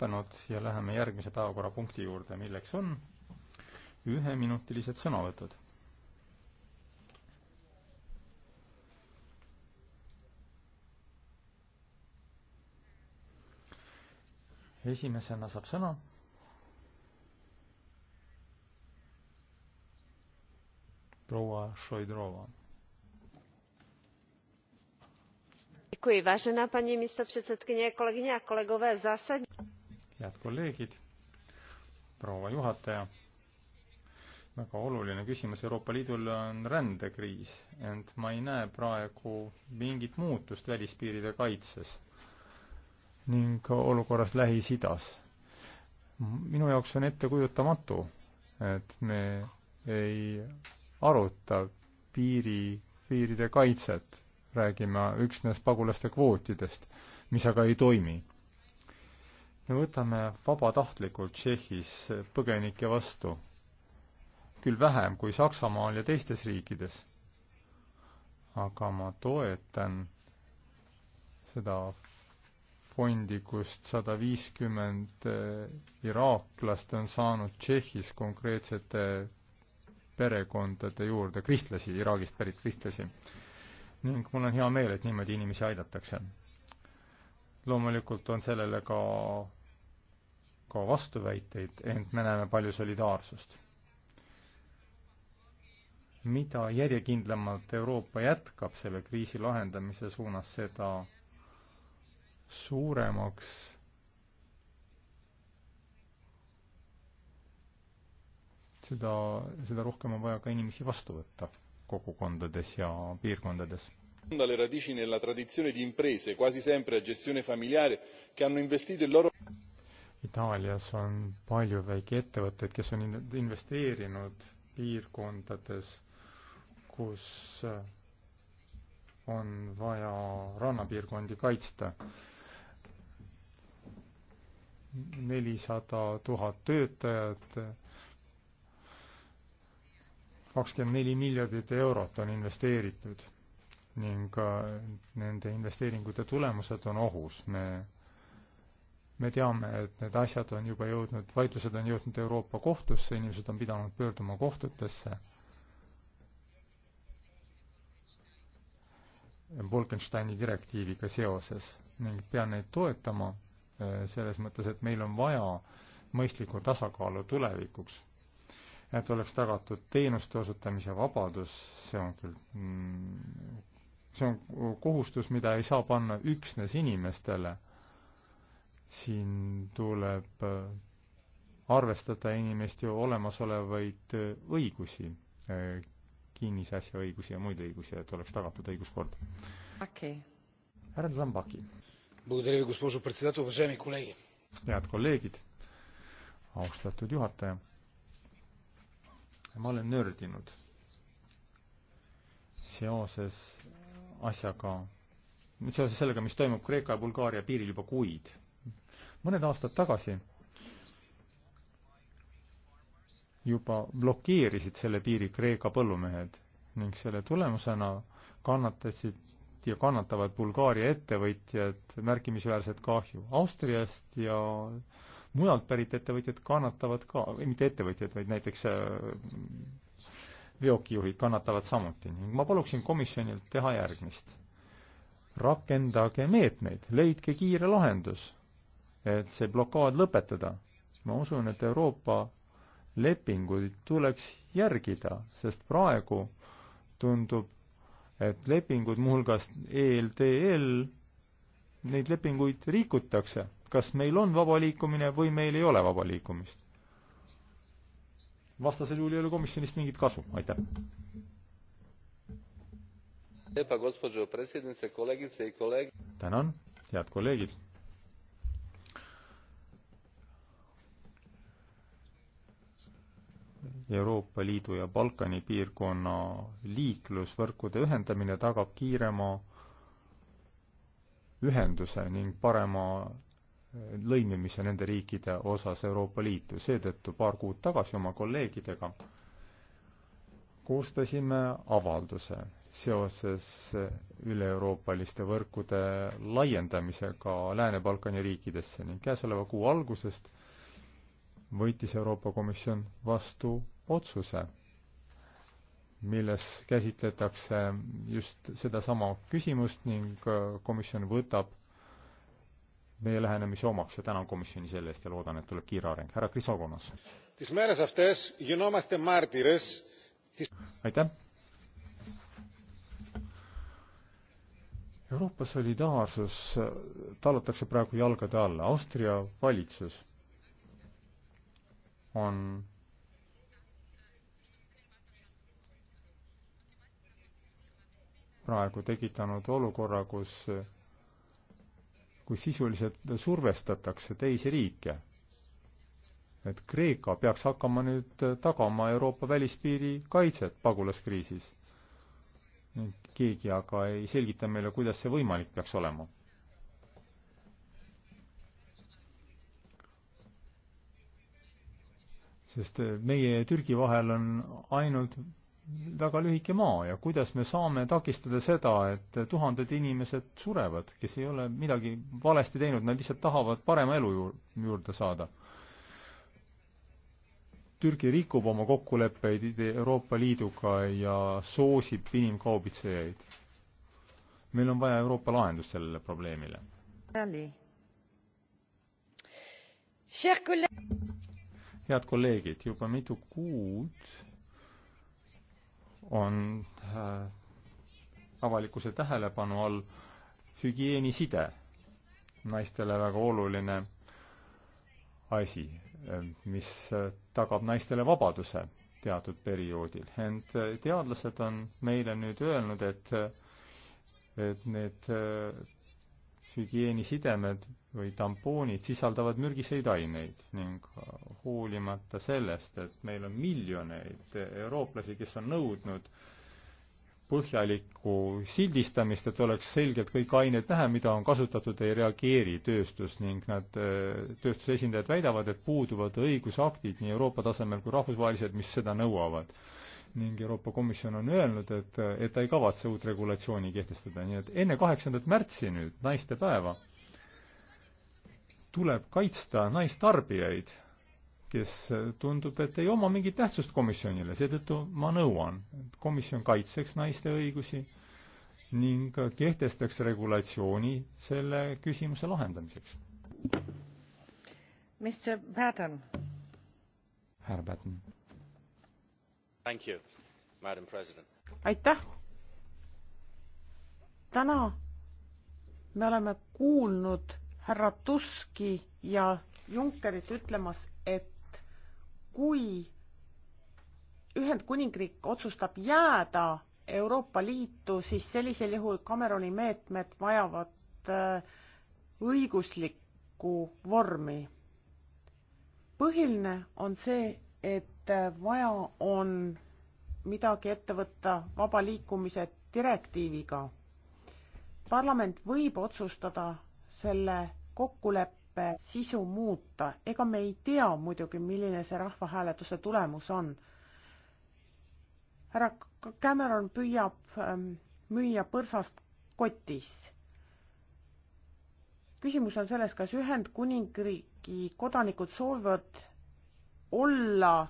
lõppenud ja läheme järgmise päevakorrapunkti juurde, milleks on üheminutilised sõnavõtud. esimesena saab sõna proua Šoidrova paní předsedající kolegyně a kolegové zásadní head kolleegid, proua juhataja. väga oluline küsimus Euroopa Liidul on rändekriis, ent ma ei näe praegu mingit muutust välispiiride kaitses ning olukorras Lähis-Idas. minu jaoks on ettekujutamatu, et me ei aruta piiri, piiride kaitset, räägime üksnes pagulaste kvootidest, mis aga ei toimi me võtame vabatahtlikult Tšehhis põgenikke vastu, küll vähem kui Saksamaal ja teistes riikides, aga ma toetan seda fondi, kust sada viiskümmend eh, iraaklast on saanud Tšehhis konkreetsete perekondade juurde, kristlasi, Iraagist pärit kristlasi. ning mul on hea meel, et niimoodi inimesi aidatakse. loomulikult on sellele ka ka vastuväiteid, ent me näeme palju solidaarsust. mida järjekindlamalt Euroopa jätkab selle kriisi lahendamise suunas, seda suuremaks seda, seda rohkem on vaja ka inimesi vastu võtta kogukondades ja piirkondades dalle radici nella tradizione di imprese quasi sempre a gestione familiare che hanno investito il loro capitale. Itaalias on palju väikeettevõtteid, kes on investeerinud piirkondades, kus äh, on vaja rannapiirkondi kaitsta. nelisada tuhat töötajat, kakskümmend neli miljardit eurot on investeeritud ning äh, nende investeeringute tulemused on ohus. me me teame, et need asjad on juba jõudnud, vaidlused on jõudnud Euroopa kohtusse, inimesed on pidanud pöörduma kohtutesse. Bolkensteini direktiiviga seoses ning pean neid toetama eh, selles mõttes, et meil on vaja mõistlikku tasakaalu tulevikuks et oleks tagatud teenuste osutamise vabadus, see on küll, mm, see on kohustus, mida ei saa panna üksnes inimestele, siin tuleb äh, arvestada inimeste olemasolevaid äh, õigusi, äh, kinnisasja õigusi ja muid õigusi, et oleks tagatud õiguskord. härra Zambaki. head kolleegid, austatud juhataja. ma olen nördinud seoses asjaga, seoses sellega, mis toimub Kreeka ja Bulgaaria piiril juba kuid mõned aastad tagasi juba blokeerisid selle piiri Kreeka põllumehed ning selle tulemusena kannatasid ja kannatavad Bulgaaria ettevõtjad märkimisväärset kahju. Austriast ja mujalt pärit ettevõtjad kannatavad ka, mitte ettevõtjad, vaid näiteks äh, veokijuhid kannatavad samuti ning ma paluksin komisjonilt teha järgmist. rakendage meetmeid, leidke kiire lahendus et see blokaad lõpetada. ma usun, et Euroopa lepinguid tuleks järgida, sest praegu tundub, et lepingud, muuhulgas ELTL, neid lepinguid rikutakse. kas meil on vaba liikumine või meil ei ole vaba liikumist? vastasel juhul ei ole komisjonist mingit kasu, aitäh. tänan, head kolleegid. Euroopa Liidu ja Balkani piirkonna liiklusvõrkude ühendamine tagab kiirema ühenduse ning parema eh, lõimimise nende riikide osas Euroopa Liitu. seetõttu paar kuud tagasi oma kolleegidega koostasime avalduse seoses eh, üle-euroopaliste võrkude laiendamisega Lääne-Balkani riikidesse ning käesoleva kuu algusest võitis Euroopa Komisjon vastu otsuse, milles käsitletakse just sedasama küsimust ning äh, komisjon võtab meie lähenemise omaks ja tänan komisjoni selle eest ja loodan, et tuleb kiire areng. härra Krisokonas. aitäh. Euroopa solidaarsus äh, tallatakse praegu jalgade alla. Austria valitsus on praegu tekitanud olukorra, kus, kus sisuliselt survestatakse teisi riike. et Kreeka peaks hakkama nüüd tagama Euroopa välispiiri kaitset pagulaskriisis. keegi aga ei selgita meile, kuidas see võimalik peaks olema sest meie ja Türgi vahel on ainult väga lühike maa ja kuidas me saame takistada seda, et tuhanded inimesed surevad, kes ei ole midagi valesti teinud, nad lihtsalt tahavad parema elu juurde saada. Türgi rikub oma kokkuleppeid Euroopa Liiduga ja soosib inimkaubitsejaid. meil on vaja Euroopa lahendust sellele probleemile. head kolleegid, juba mitu kuud on äh, avalikkuse tähelepanu all hügieeniside, naistele väga oluline asi, äh, mis äh, tagab naistele vabaduse teatud perioodil. ent teadlased on meile nüüd öelnud, et, et need hügieenisidemed või tampoonid sisaldavad mürgiseid aineid ning hoolimata sellest, et meil on miljoneid eurooplasi, kes on nõudnud põhjalikku sildistamist, et oleks selgelt kõik ained näha, mida on kasutatud, ei reageeri tööstus ning nad, tööstuse esindajad väidavad, et puuduvad õigusaktid nii Euroopa tasemel kui rahvusvahelised, mis seda nõuavad ning Euroopa Komisjon on öelnud, et, et ta ei kavatse uut regulatsiooni kehtestada, nii et enne kaheksandat märtsi nüüd, naistepäeva, tuleb kaitsta naistarbijaid, kes tundub, et ei oma mingit tähtsust komisjonile, seetõttu ma nõuan, et komisjon kaitseks naiste õigusi ning kehtestaks regulatsiooni selle küsimuse lahendamiseks. Mr Batten. härra Batten You, aitäh! täna me oleme kuulnud härra Tuski ja Junckerit ütlemas, et kui Ühendkuningriik otsustab jääda Euroopa Liitu, siis sellisel juhul Cameroni meetmed vajavad äh, õiguslikku vormi. põhiline on see, et vaja on midagi ette võtta vaba liikumise direktiiviga. parlament võib otsustada selle kokkuleppe sisu muuta, ega me ei tea muidugi, milline see rahvahääletuse tulemus on. härra Cameron püüab ähm, müüa põrsast kotis. küsimus on selles, kas Ühendkuningriigi kodanikud soovivad olla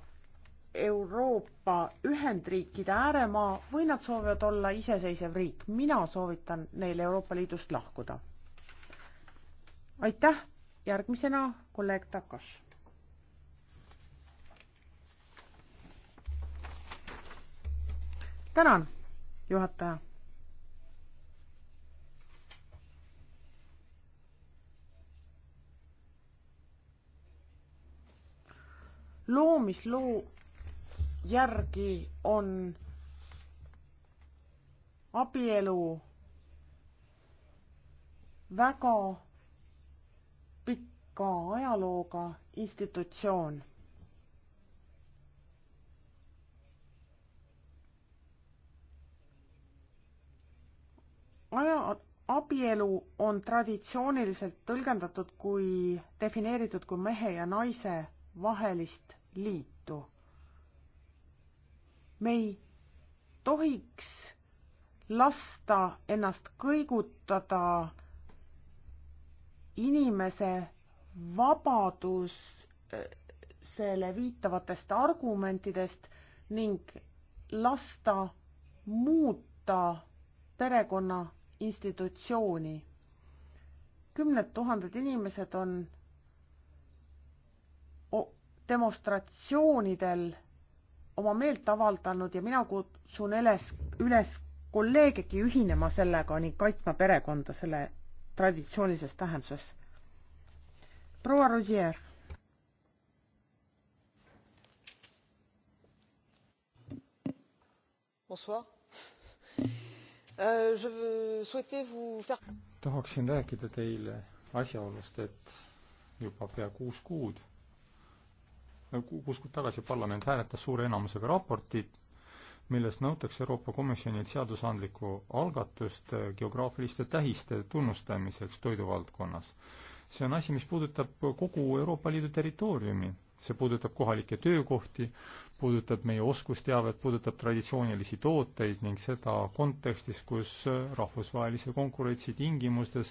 Euroopa Ühendriikide ääremaa või nad soovivad olla iseseisev riik. mina soovitan neil Euroopa Liidust lahkuda. aitäh, järgmisena kolleeg Takas. tänan, juhataja loomisloo järgi on abielu väga pika ajalooga institutsioon. aja, abielu on traditsiooniliselt tõlgendatud kui, defineeritud kui mehe ja naise vahelist liitu. me ei tohiks lasta ennast kõigutada inimese vabadusele viitavatest argumentidest ning lasta muuta perekonna institutsiooni. kümned tuhanded inimesed on demonstratsioonidel oma meelt avaldanud ja mina kutsun üles, üles kolleegegi ühinema sellega ning kaitsma perekonda selle traditsioonilises tähenduses. proua Rosier. Euh, tahaksin rääkida teile asjaolust, et juba pea kuus kuud Nagu kuus kuud tagasi parlament hääletas suure enamusega raportit, milles nõutakse Euroopa Komisjonilt seadusandlikku algatust geograafiliste tähiste tunnustamiseks toiduvaldkonnas. see on asi, mis puudutab kogu Euroopa Liidu territooriumi, see puudutab kohalikke töökohti, puudutab meie oskusteavet, puudutab traditsioonilisi tooteid ning seda kontekstis, kus rahvusvahelise konkurentsi tingimustes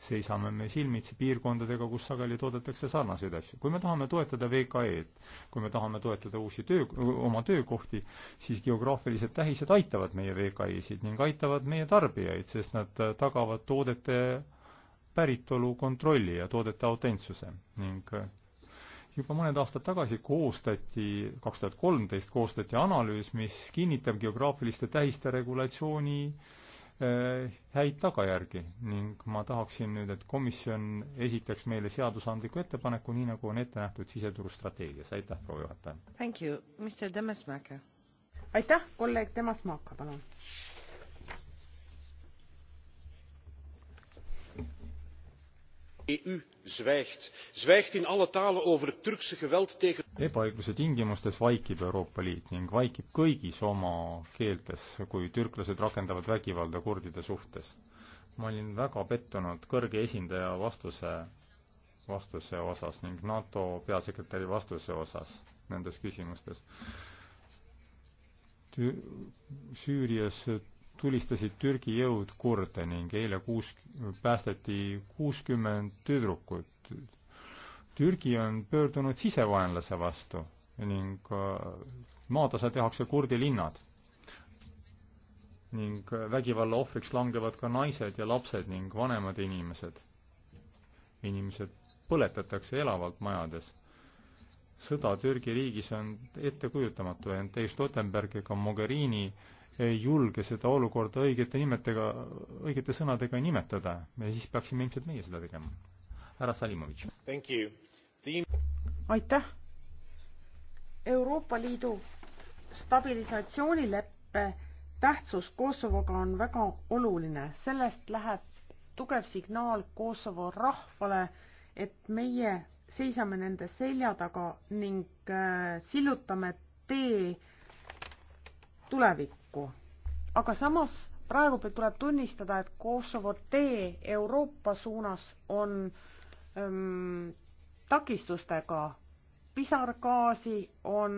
seisame me silmitsi piirkondadega, kus sageli toodetakse sarnaseid asju. kui me tahame toetada VKE-d, kui me tahame toetada uusi töö, oma töökohti, siis geograafilised tähised aitavad meie VKE-sid ning aitavad meie tarbijaid, sest nad tagavad toodete päritolu kontrolli ja toodete autentsuse ning juba mõned aastad tagasi koostati, kaks tuhat kolmteist koostati analüüs, mis kinnitab geograafiliste tähiste regulatsiooni eh, häid tagajärgi ning ma tahaksin nüüd, et komisjon esitaks meile seadusandliku ettepaneku, nii nagu on ette nähtud siseturustrateegias. aitäh, proua juhataja! aitäh, kolleeg Demas Maaka, palun! de eu zwijgt zwijgt in alle talen over het turkse geweld tegen. ebaõigluse tingimustes vaikib euroopa liit ning vaikib kõigis oma keeltes kui türklased rakendavad vägivalda kurdide suhtes ma olin väga pettunud kõrge esindaja vastuse vastuse osas ning NATO peasekretäri vastuse osas nendes küsimustes Tü Süürias tulistasid Türgi jõud kurde ning eile kuus, päästeti kuuskümmend tüdrukut. Türgi on pöördunud sisevaenlase vastu ning äh, maatasa tehakse kurdi linnad. ning äh, vägivalla ohvriks langevad ka naised ja lapsed ning vanemad inimesed. inimesed põletatakse elavalt majades sõda Türgi riigis on ettekujutamatu ja Antti Stoltenberg ega Mogherini äh, ei julge seda olukorda õigete nimetega, õigete sõnadega nimetada ja siis peaksime ilmselt meie seda tegema. härra Salimovitš. aitäh. Euroopa Liidu stabilisatsioonileppe tähtsus Kosovoga on väga oluline, sellest läheb tugev signaal Kosovo rahvale, et meie seisame nende selja taga ning äh, sillutame tee tulevikku kokku. aga samas praegu tuleb tunnistada, et Kosovo tee Euroopa suunas on ähm, takistustega. pisargaasi on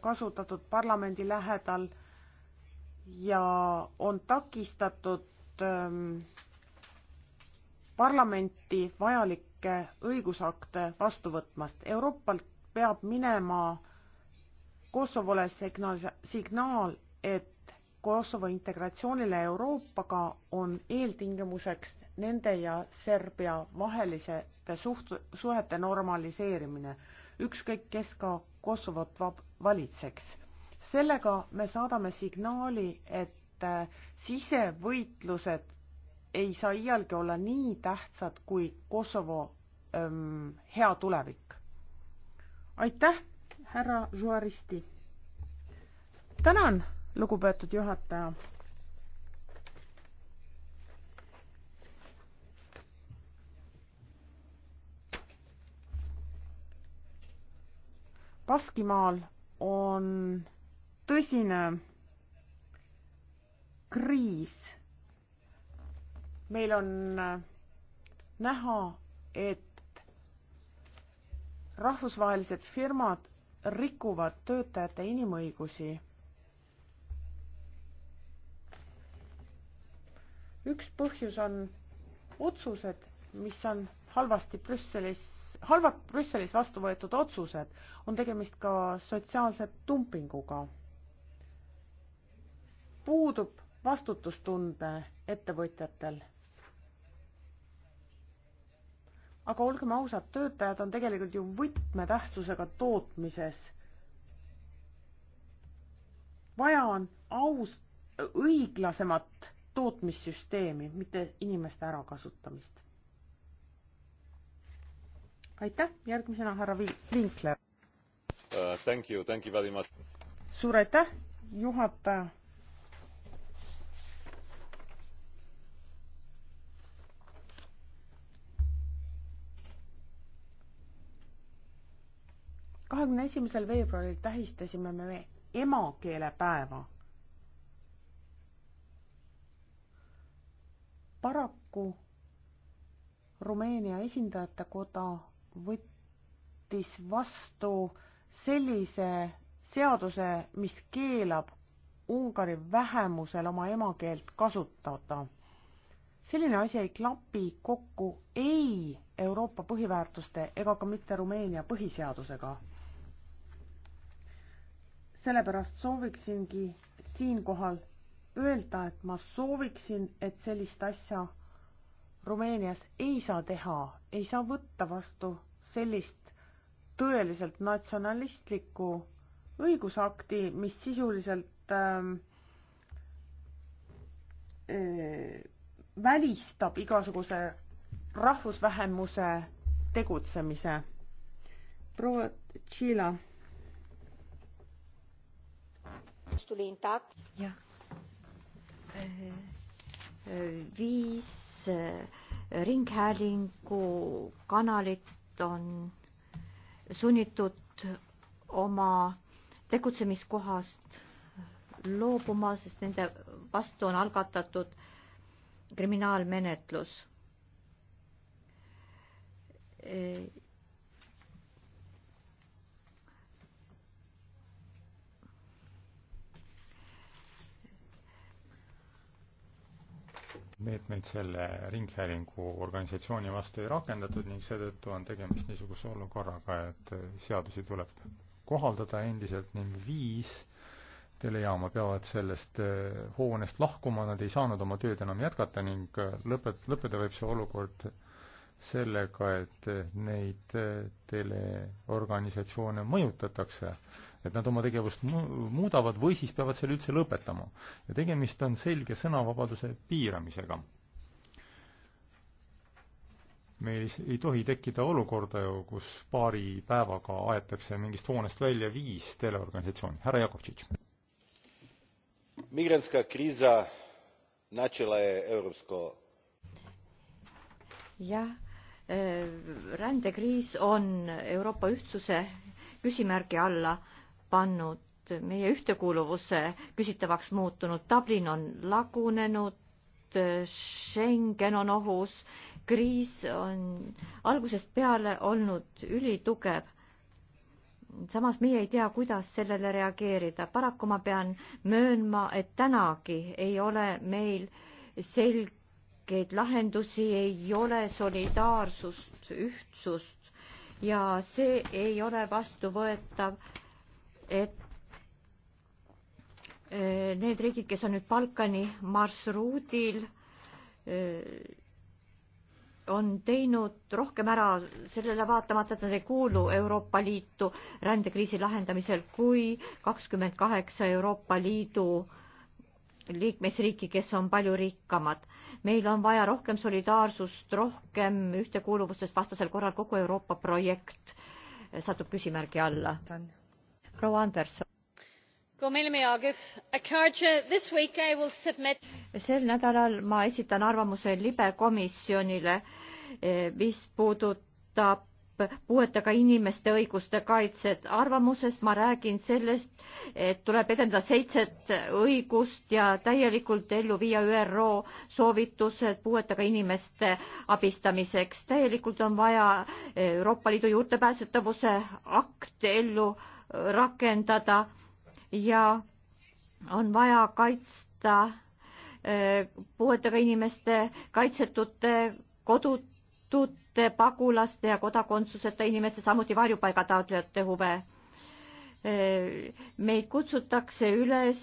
kasutatud parlamendi lähedal ja on takistatud ähm, parlamenti vajalikke õigusakte vastu võtmast. Euroopalt peab minema Kosovole signaal, signaal, et Kosovo integratsioonile Euroopaga on eeltingimuseks nende ja Serbia vaheliste suht-, suhete normaliseerimine, ükskõik kes ka Kosovot vab-, valitseks. sellega me saadame signaali, et äh, sisevõitlused ei saa iialgi olla nii tähtsad kui Kosovo öö, ähm, hea tulevik. aitäh, härra Žuaristi! tänan! lugupeetud juhataja. Baskimaal on tõsine kriis. meil on äh, näha, et rahvusvahelised firmad rikuvad töötajate inimõigusi üks põhjus on otsused, mis on halvasti Brüsselis, halvad Brüsselis vastu võetud otsused, on tegemist ka sotsiaalse dumpinguga. puudub vastutustunde ettevõtjatel. aga olgem ausad, töötajad on tegelikult ju võtmetähtsusega tootmises. vaja on aus, õiglasemat tootmissüsteemi, mitte inimeste ärakasutamist. aitäh, järgmisena härra Vinkler uh,. Thank you, thank you very much. suur aitäh, juhataja. kahekümne esimesel veebruaril tähistasime me emakeelepäeva paraku Rumeenia esindajate koda võttis vastu sellise seaduse, mis keelab Ungari vähemusel oma emakeelt kasutada. selline asi ei klapi kokku ei Euroopa põhiväärtuste ega ka mitte Rumeenia põhiseadusega. sellepärast sooviksingi siinkohal öelda, et ma sooviksin, et sellist asja Rumeenias ei saa teha, ei saa võtta vastu sellist tõeliselt natsionalistlikku õigusakti, mis sisuliselt ähm, äh, välistab igasuguse rahvusvähemuse tegutsemise. proua Tšiila. jah viis eh, ringhäälingu kanalit on sunnitud oma tegutsemiskohast loobuma, sest nende vastu on algatatud kriminaalmenetlus eh, meetmeid selle ringhäälingu organisatsiooni vastu ei rakendatud ning seetõttu on tegemist niisuguse olukorraga, et seadusi tuleb kohaldada endiselt ning viis telejaama peavad sellest eh, hoonest lahkuma, nad ei saanud oma tööd enam jätkata ning eh, lõpet-, lõppeda võib see olukord sellega, et neid teleorganisatsioone mõjutatakse, et nad oma tegevust muudavad või siis peavad selle üldse lõpetama. ja tegemist on selge sõnavabaduse piiramisega. meil ei tohi tekkida olukorda ju, kus paari päevaga aetakse mingist hoonest välja viis teleorganisatsiooni. härra Jakovtšitš. migrantska kriisa načela je europsko jah rändekriis on Euroopa ühtsuse küsimärgi alla pannud, meie ühtekuuluvuse küsitavaks muutunud, Dublin on lagunenud, Schengen on ohus, kriis on algusest peale olnud ülitugev. samas meie ei tea, kuidas sellele reageerida, paraku ma pean möönma, et tänagi ei ole meil selge õigeid lahendusi ei ole solidaarsust, ühtsust ja see ei ole vastuvõetav, et äh, need riigid, kes on nüüd Balkani marsruudil, äh, on teinud rohkem ära sellele vaatamata, et nad ei kuulu Euroopa Liitu rändekriisi lahendamisel kui kakskümmend kaheksa Euroopa Liidu äh, liikmesriiki, kes on palju rikkamad. meil on vaja rohkem solidaarsust, rohkem ühtekuuluvustest, vastasel korral kogu Euroopa projekt satub küsimärgi alla. proua Anderson. sel nädalal ma esitan arvamuse libe komisjonile, eh, mis puudutab puuetega inimeste õiguste kaitset. arvamuses ma räägin sellest, et tuleb edendada seitset õigust ja täielikult ellu viia ÜRO soovitused puuetega inimeste abistamiseks. täielikult on vaja Euroopa Liidu juurdepääsetavuse akt ellu rakendada ja on vaja kaitsta eh, puuetega inimeste kaitsetute kodud kaitstud pagulaste ja kodakondsuseta inimeste, samuti varjupaiga taotlejate huve. meid kutsutakse üles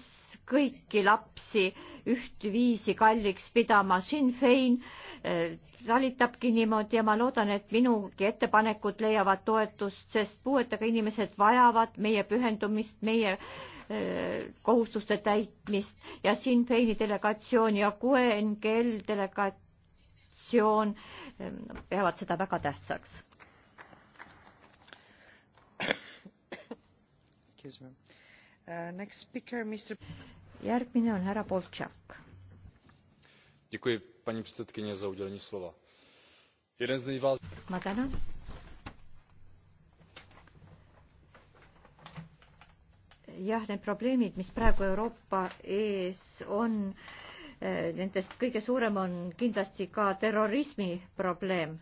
kõiki lapsi ühtviisi kalliks pidama. Sinn Fein eh, talitabki niimoodi ja ma loodan, et minugi ettepanekud leiavad toetust, sest puuetega inimesed vajavad meie pühendumist, meie eh, kohustuste täitmist ja Sinn Feini delegatsioon ja QNGL delegatsioon peavad seda väga tähtsaks. Uh, järgmine on härra Boltšak. ma tänan. jah, need probleemid, mis praegu Euroopa ees on, Äh, nendest kõige suurem on kindlasti ka terrorismi probleem.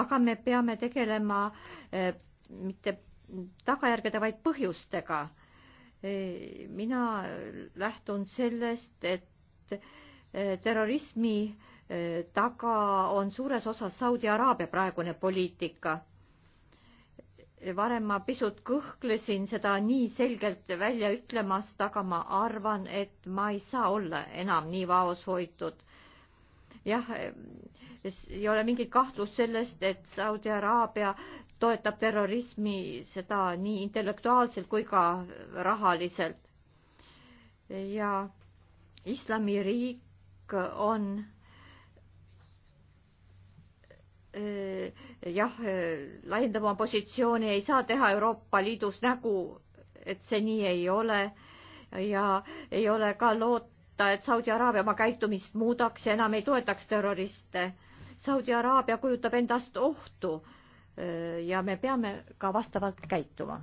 aga me peame tegelema äh, mitte tagajärgede, vaid põhjustega. Äh, mina lähtun sellest, et terrorismi taga on suures osas Saudi Araabia praegune poliitika varem ma pisut kõhklesin seda nii selgelt välja ütlemast, aga ma arvan, et ma ei saa olla enam nii vaoshoitud. jah, ei ole mingit kahtlust sellest, et Saudi Araabia toetab terrorismi, seda nii intellektuaalselt kui ka rahaliselt. ja islamiriik on Äh, jah, äh, laiendama oma positsiooni, ei saa teha Euroopa Liidus nägu, et see nii ei ole ja ei ole ka loota, et Saudi Araabia oma käitumist muudaks ja enam ei toetaks terroriste. Saudi Araabia kujutab endast ohtu äh, ja me peame ka vastavalt käituma.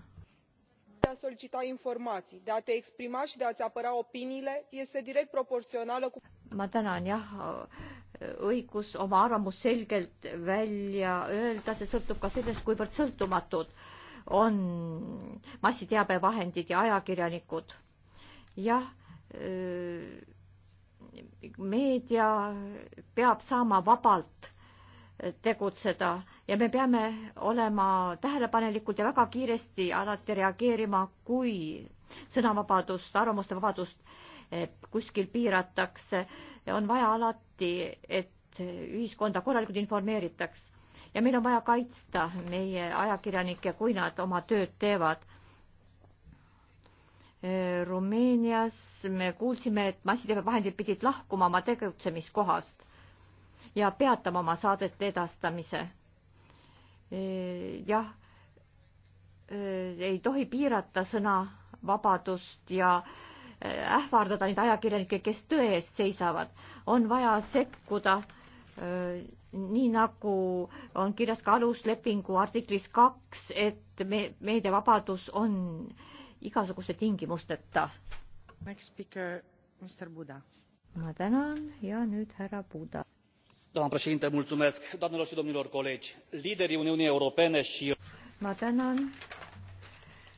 de a solicita informații, de a te exprima și de a-ți apăra opiniile este direct proporțională cu ma tänan jah, õigus oma arvamus selgelt välja öelda, see sõltub ka sellest, kuivõrd sõltumatud on massiteabevahendid ja ajakirjanikud. jah, äh, meedia peab saama vabalt tegutseda ja me peame olema tähelepanelikud ja väga kiiresti alati reageerima, kui sõnavabadust, arvamuste vabadust kuskil piiratakse, on vaja alati, et ühiskonda korralikult informeeritaks ja meil on vaja kaitsta meie ajakirjanikke, kui nad oma tööd teevad. Äh, Rumeenias me kuulsime, et massiteabevahendid pidid lahkuma oma tegutsemiskohast ja peatama oma saadete edastamise. Äh, jah, äh, ei tohi piirata sõnavabadust ja ähvardada neid ajakirjanikke, kes tõe eest seisavad. on vaja sekkuda nii nagu on kirjas ka aluslepingu artiklis kaks, et me, meediavabadus on igasuguste tingimusteta. ma tänan ja nüüd härra Buda. doamnă președinte, mulțumesc, doamnelor și domnilor colegi, liderii Uniunii Europene și ma tänan,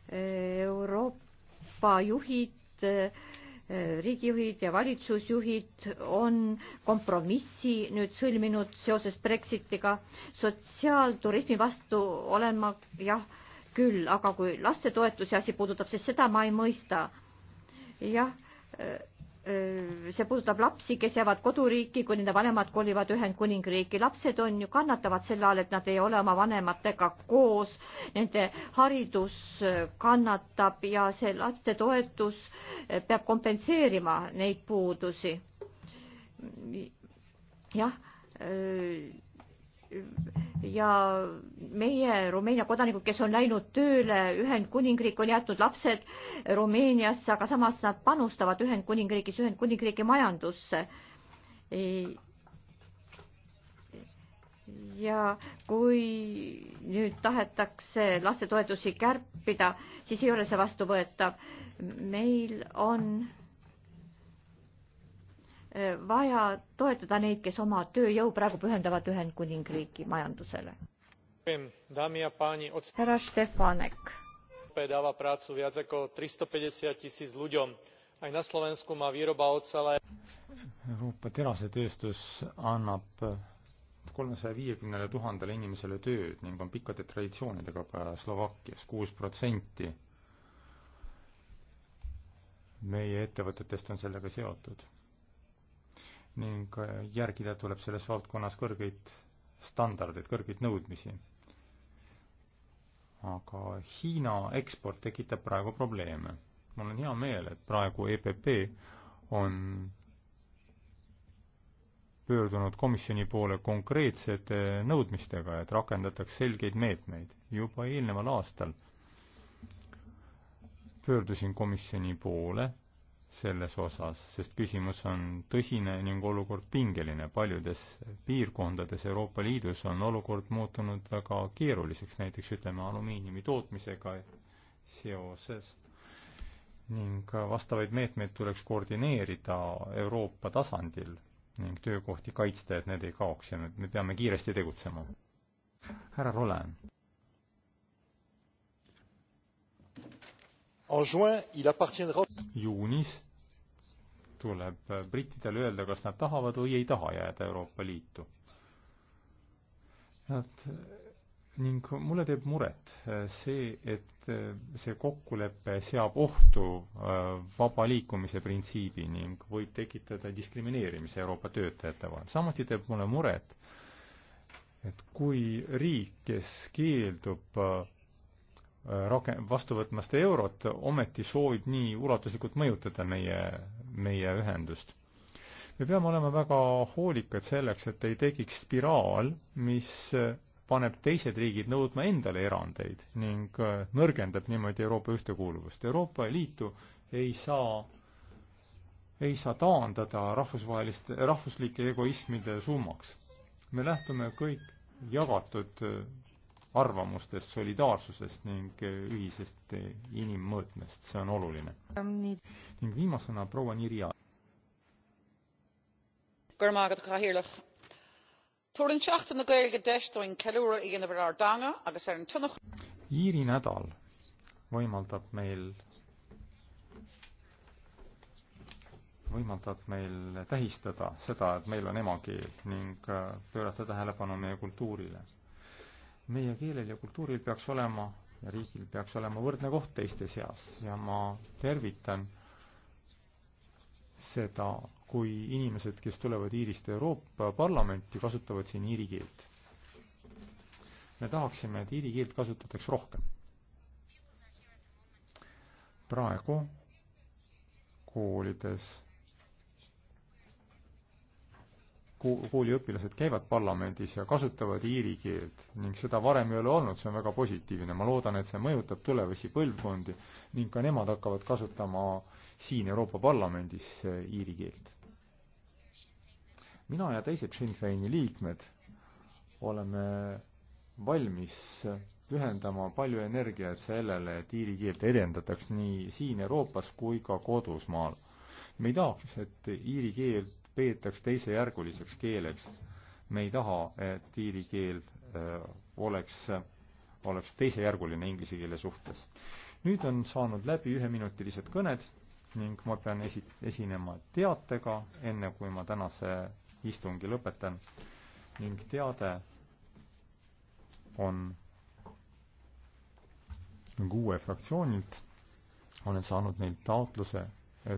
e, Euroopa juhid Eh, riigijuhid ja valitsusjuhid on kompromissi nüüd sõlminud seoses Brexitiga. sotsiaalturismi vastu olen ma jah küll, aga kui lastetoetusi asi puudutab, siis seda ma ei mõista. jah eh, see puudutab lapsi, kes jäävad koduriiki, kui nende vanemad kolivad Ühendkuningriiki. lapsed on ju, kannatavad selle all, et nad ei ole oma vanematega koos, nende haridus kannatab ja see lastetoetus peab kompenseerima neid puudusi. jah ja meie Rumeenia kodanikud, kes on läinud tööle Ühendkuningriik, on jätnud lapsed Rumeeniasse, aga samas nad panustavad Ühendkuningriigis Ühendkuningriigi majandusse. ja kui nüüd tahetakse lastetoetusi kärpida, siis ei ole see vastuvõetav. meil on Äh, vaja toetada neid, kes oma tööjõu praegu pühendavad Ühendkuningriigi majandusele. härra Štefanek. dáva prácu viac ako 350 tisíc ľuďom. Aj na Slovensku má výroba odsala. Euroopa terasetööstus annab kolmesaja viiekümnele tuhandele inimesele tööd ning on pikkade traditsioonidega ka Slovakkias, kuus protsenti meie ettevõtetest on sellega seotud ning äh, järgida tuleb selles valdkonnas kõrgeid standardeid, kõrgeid nõudmisi. aga Hiina eksport tekitab praegu probleeme. mul on hea meel, et praegu EPP on pöördunud komisjoni poole konkreetsete nõudmistega, et rakendataks selgeid meetmeid. juba eelneval aastal pöördusin komisjoni poole selles osas, sest küsimus on tõsine ning olukord pingeline. paljudes piirkondades Euroopa Liidus on olukord muutunud väga keeruliseks, näiteks ütleme alumiiniumi tootmisega seoses ning vastavaid meetmeid tuleks koordineerida Euroopa tasandil ning töökohti kaitsta, et need ei kaoks ja me peame kiiresti tegutsema. härra Rolen juunis tuleb brittidel öelda, kas nad tahavad või ei taha jääda Euroopa Liitu. Nad ning mulle teeb muret äh, see, et äh, see kokkulepe seab ohtu äh, vaba liikumise printsiibi ning võib tekitada diskrimineerimise Euroopa töötajate vahel. samuti teeb mulle muret, et kui riik, kes keeldub rake-, vastu võtmast eurot, ometi soovib nii ulatuslikult mõjutada meie, meie ühendust. me peame olema väga hoolikad selleks, et ei tekiks spiraal, mis paneb teised riigid nõudma endale erandeid ning nõrgendab niimoodi Euroopa ühtekuuluvust. Euroopa Liitu ei saa, ei saa taandada rahvusvaheliste, rahvuslike egoismide summaks. me lähtume kõik jagatud arvamustest, solidaarsusest ning eh, ühisest eh, inimmõõtmest, see on oluline. ning viimasena proua Nirja. Iiri nädal võimaldab meil, võimaldab meil tähistada seda, et meil on emakeel ning eh, pöörata tähelepanu meie kultuurile meie keelel ja kultuuril peaks olema ja riigil peaks olema võrdne koht teiste seas ja ma tervitan seda, kui inimesed, kes tulevad Iirist Euroopa Parlamenti, kasutavad siin iiri keelt. me tahaksime, et iiri keelt kasutataks rohkem. praegu koolides kooliõpilased käivad parlamendis ja kasutavad iiri keelt ning seda varem ei ole olnud, see on väga positiivne, ma loodan, et see mõjutab tulevasi põlvkondi ning ka nemad hakkavad kasutama siin Euroopa Parlamendis eh, iiri keelt. mina ja teised Sinn Feini liikmed oleme valmis pühendama palju energiat sellele, et iiri keelt edendataks nii siin Euroopas kui ka kodusmaal. me ei tahaks, et iiri keelt peetaks teisejärguliseks keeleks. me ei taha, et iiri keel äh, oleks, oleks teisejärguline inglise keele suhtes. nüüd on saanud läbi üheminutilised kõned ning ma pean esi-, esinema teatega, enne kui ma tänase istungi lõpetan ning teade on kuue fraktsioonilt olen saanud neilt taotluse